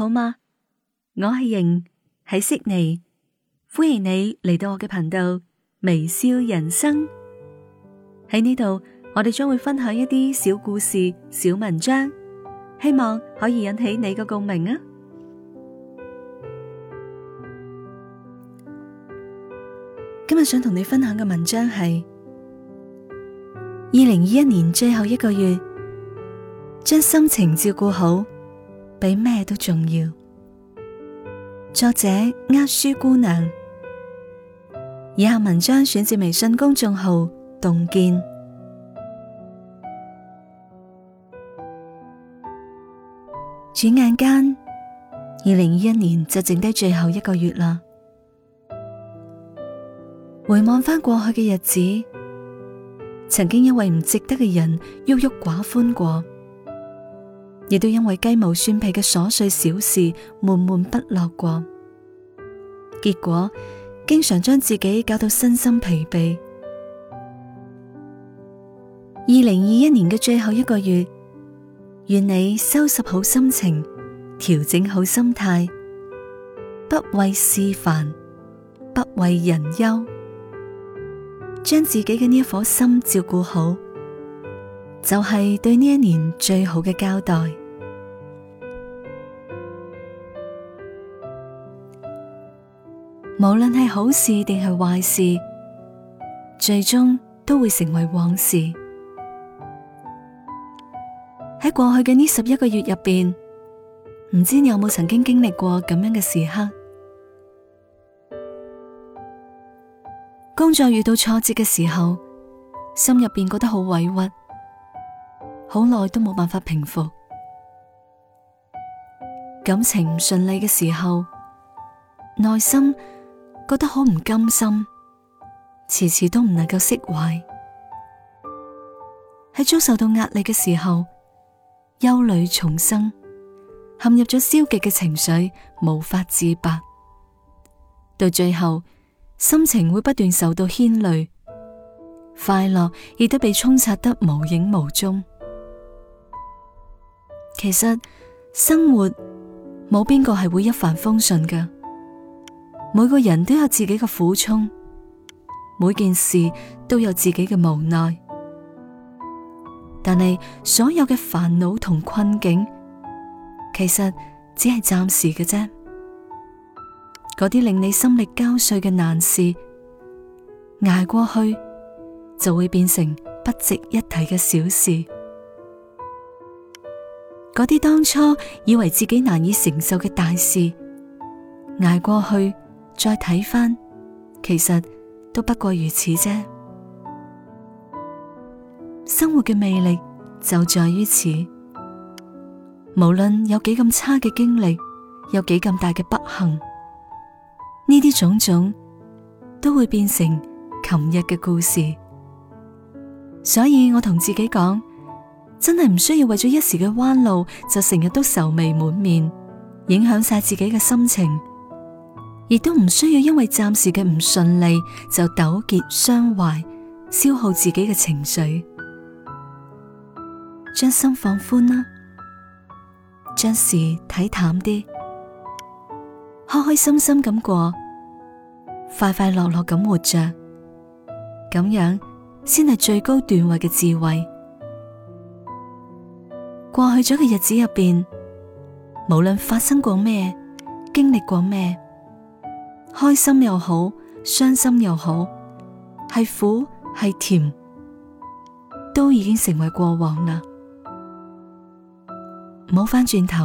好嗎？我係瑩，喺悉尼，歡迎你嚟到我嘅頻道微笑人生。喺呢度，我哋將會分享一啲小故事、小文章，希望可以引起你嘅共鳴啊！今日想同你分享嘅文章係二零二一年最後一個月，將心情照顧好。比咩都重要。作者：握書姑娘。以下文章選自微信公眾號《洞見》轉間。轉眼間，二零二一年就剩低最後一個月啦。回望翻過去嘅日子，曾經因為唔值得嘅人鬱鬱寡歡過。亦都因為雞毛蒜皮嘅瑣碎小事悶悶不樂過，結果經常將自己搞到身心疲憊。二零二一年嘅最後一個月，願你收拾好心情，調整好心態，不為事煩，不為人憂，將自己嘅呢一顆心照顧好，就係對呢一年最好嘅交代。無論係好事定係壞事，最終都會成為往事。喺過去嘅呢十一個月入邊，唔知你有冇曾經經歷過咁樣嘅時刻？工作遇到挫折嘅時候，心入邊覺得好委屈，好耐都冇辦法平復。感情唔順利嘅時候，內心……覺得好唔甘心，遲遲都唔能夠釋懷。喺遭受到壓力嘅時候，憂慮叢生，陷入咗消極嘅情緒，無法自拔。到最後，心情會不斷受到牽累，快樂亦都被沖刷得無影無蹤。其實生活冇邊個係會一帆風順噶。每個人都有自己嘅苦衷，每件事都有自己嘅無奈。但係所有嘅煩惱同困境，其實只係暫時嘅啫。嗰啲令你心力交瘁嘅難事，捱過去就會變成不值一提嘅小事。嗰啲當初以為自己難以承受嘅大事，捱過去。再睇翻，其實都不過如此啫。生活嘅魅力就在於此，無論有幾咁差嘅經歷，有幾咁大嘅不幸，呢啲種種都會變成琴日嘅故事。所以我同自己講，真係唔需要為咗一時嘅彎路，就成日都愁眉滿面，影響晒自己嘅心情。亦都唔需要因為暫時嘅唔順利就糾結傷懷，消耗自己嘅情緒，將心放寬啦，將事睇淡啲，開開心心咁過，快快樂樂咁活着，咁樣先係最高段位嘅智慧。過去咗嘅日子入面，無論發生過咩，經歷過咩。開心又好，傷心又好，係苦係甜，都已經成為過往啦。唔好翻轉頭，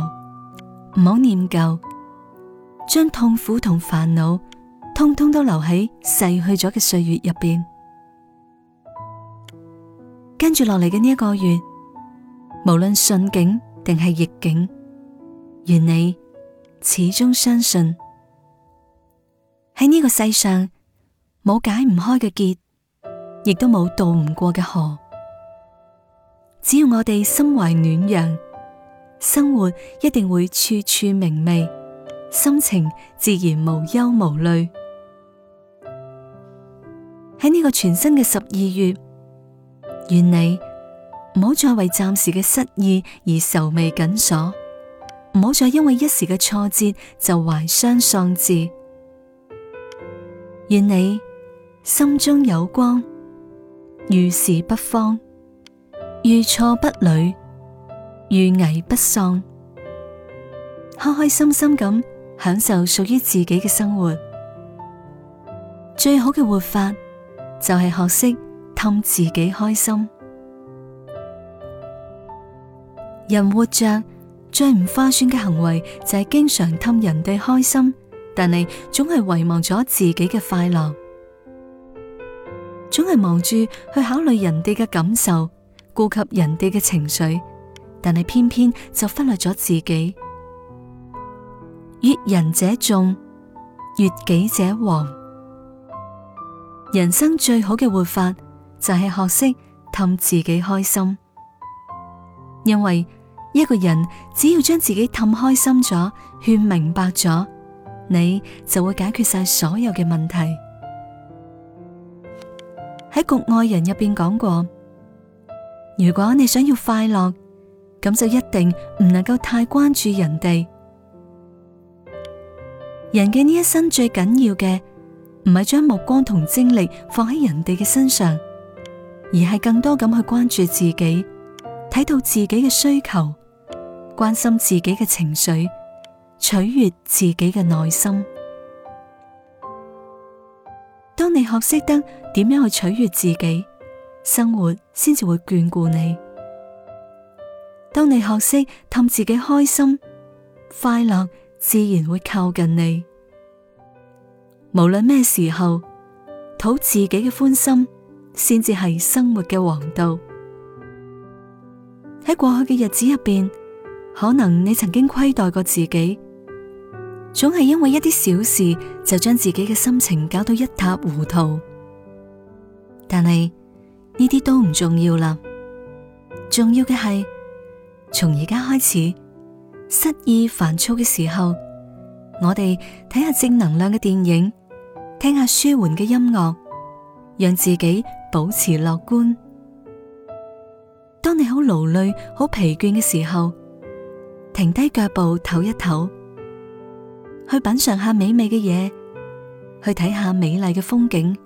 唔好念舊，將痛苦同煩惱通通都留喺逝去咗嘅歲月入邊。跟住落嚟嘅呢一個月，無論順境定係逆境，願你始終相信。喺呢個世上，冇解唔開嘅結，亦都冇渡唔過嘅河。只要我哋心懷暖陽，生活一定會處處明媚，心情自然無憂無慮。喺呢個全新嘅十二月，願你唔好再為暫時嘅失意而愁眉緊鎖，唔好再因為一時嘅挫折就懷傷喪志。願你心中有光，遇事不慌，遇挫不餒，遇危不喪，開開心心咁享受屬於自己嘅生活。最好嘅活法就係學識氹自己開心。人活着最唔花算嘅行為就係經常氹人哋開心。但係總係遺忘咗自己嘅快樂，總係忙住去考慮人哋嘅感受，顧及人哋嘅情緒，但係偏偏就忽略咗自己。悅人者眾，悅己者王。人生最好嘅活法就係學識氹自己開心，因為一個人只要將自己氹開心咗，勸明白咗。你就會解決晒所有嘅問題。喺局外人入邊講過，如果你想要快樂，咁就一定唔能夠太關注人哋。人嘅呢一生最緊要嘅，唔係將目光同精力放喺人哋嘅身上，而係更多咁去關注自己，睇到自己嘅需求，關心自己嘅情緒。取悅自己嘅內心。當你學識得點樣去取悅自己，生活先至會眷顧你。當你學識氹自己開心，快樂自然會靠近你。無論咩時候討自己嘅歡心，先至係生活嘅王道。喺過去嘅日子入邊，可能你曾經虧待過自己。總係因為一啲小事就將自己嘅心情搞到一塌糊塗，但係呢啲都唔重要啦。重要嘅係，從而家開始，失意煩躁嘅時候，我哋睇下正能量嘅電影，聽下舒緩嘅音樂，讓自己保持樂觀。當你好勞累、好疲倦嘅時候，停低腳步，唞一唞。去品嚐下美味嘅嘢，去睇下美麗嘅風景，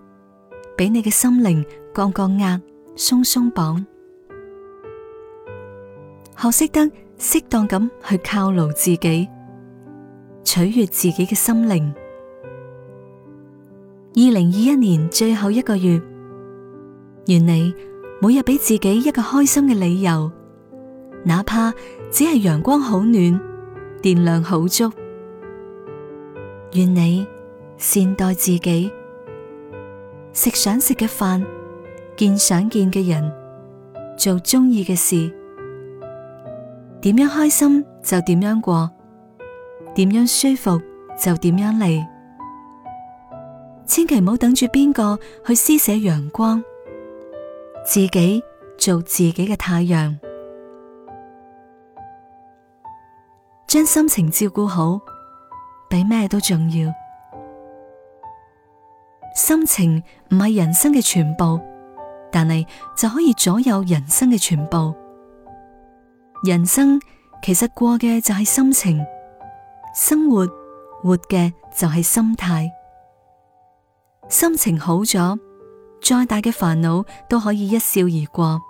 俾你嘅心靈降降壓、鬆鬆綁，學識得適當咁去犒勞自己，取悅自己嘅心靈。二零二一年最後一個月，願你每日俾自己一個開心嘅理由，哪怕只係陽光好暖、電量好足。願你善待自己，食想食嘅飯，見想見嘅人，做鍾意嘅事，點樣開心就點樣過，點樣舒服就點樣嚟，千祈唔好等住邊個去施捨陽光，自己做自己嘅太陽，將心情照顧好。比咩都重要，心情唔係人生嘅全部，但係就可以左右人生嘅全部。人生其實過嘅就係心情，生活活嘅就係心態。心情好咗，再大嘅煩惱都可以一笑而過。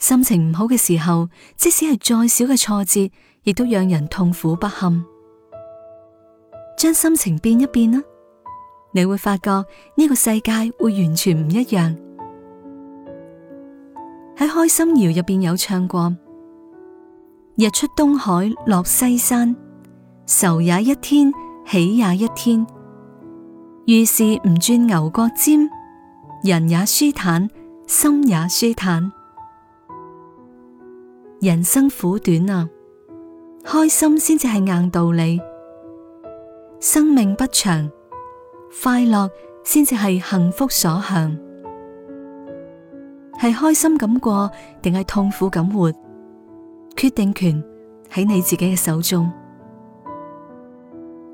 心情唔好嘅時候，即使係再小嘅挫折，亦都讓人痛苦不堪。將心情變一變啦，你會發覺呢個世界會完全唔一樣。喺開心謠入邊有唱過：日出東海落西山，愁也一天，喜也一天。遇事唔鑽牛角尖，人也舒坦，心也舒坦。人生苦短啊，開心先至係硬道理。生命不長，快樂先至係幸福所向。係開心咁過，定係痛苦咁活？決定權喺你自己嘅手中。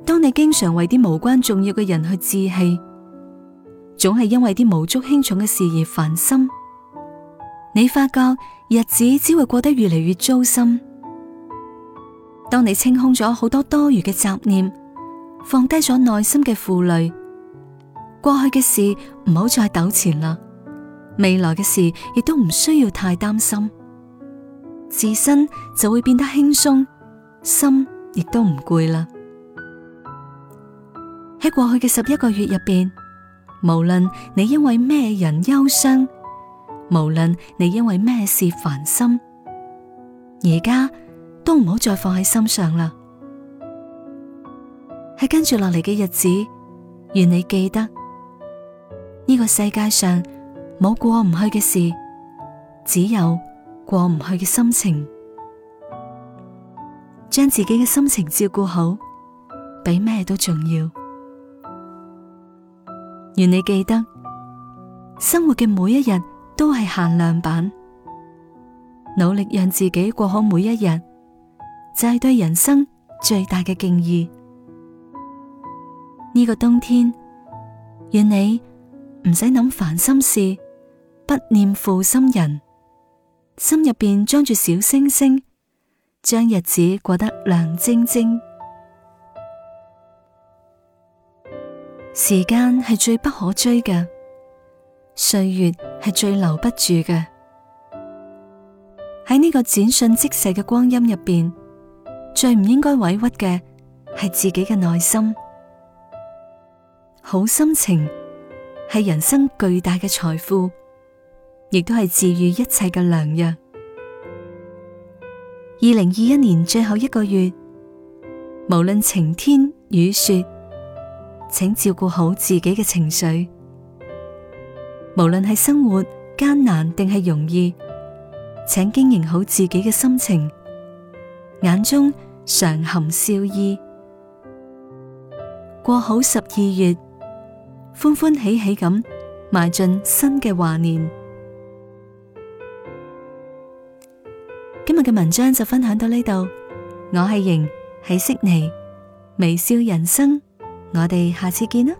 當你經常為啲無關重要嘅人去置氣，總係因為啲無足輕重嘅事而煩心。你發覺日子只會過得越嚟越糟心。當你清空咗好多多餘嘅雜念。放低咗內心嘅負累，過去嘅事唔好再糾纏啦，未來嘅事亦都唔需要太擔心，自身就會變得輕鬆，心亦都唔攰啦。喺過去嘅十一個月入邊，無論你因為咩人憂傷，無論你因為咩事煩心，而家都唔好再放喺心上啦。係跟住落嚟嘅日子，願你記得，呢個世界上冇過唔去嘅事，只有過唔去嘅心情。將自己嘅心情照顧好，比咩都重要。願你記得，生活嘅每一日都係限量版。努力讓自己過好每一日，就係對人生最大嘅敬意。呢個冬天，願你唔使諗煩心事，不念負心人，心入邊裝住小星星，將日子過得亮晶晶。時間係最不可追嘅，歲月係最留不住嘅。喺呢個轉瞬即逝嘅光陰入邊，最唔應該委屈嘅係自己嘅內心。好心情係人生巨大嘅財富，亦都係治愈一切嘅良藥。二零二一年最後一個月，無論晴天雨雪，請照顧好自己嘅情緒。無論係生活艱難定係容易，請經營好自己嘅心情，眼中常含笑意，過好十二月。歡歡喜喜咁邁進新嘅華年。今日嘅文章就分享到呢度，我係瑩，係悉尼微笑人生，我哋下次見啦。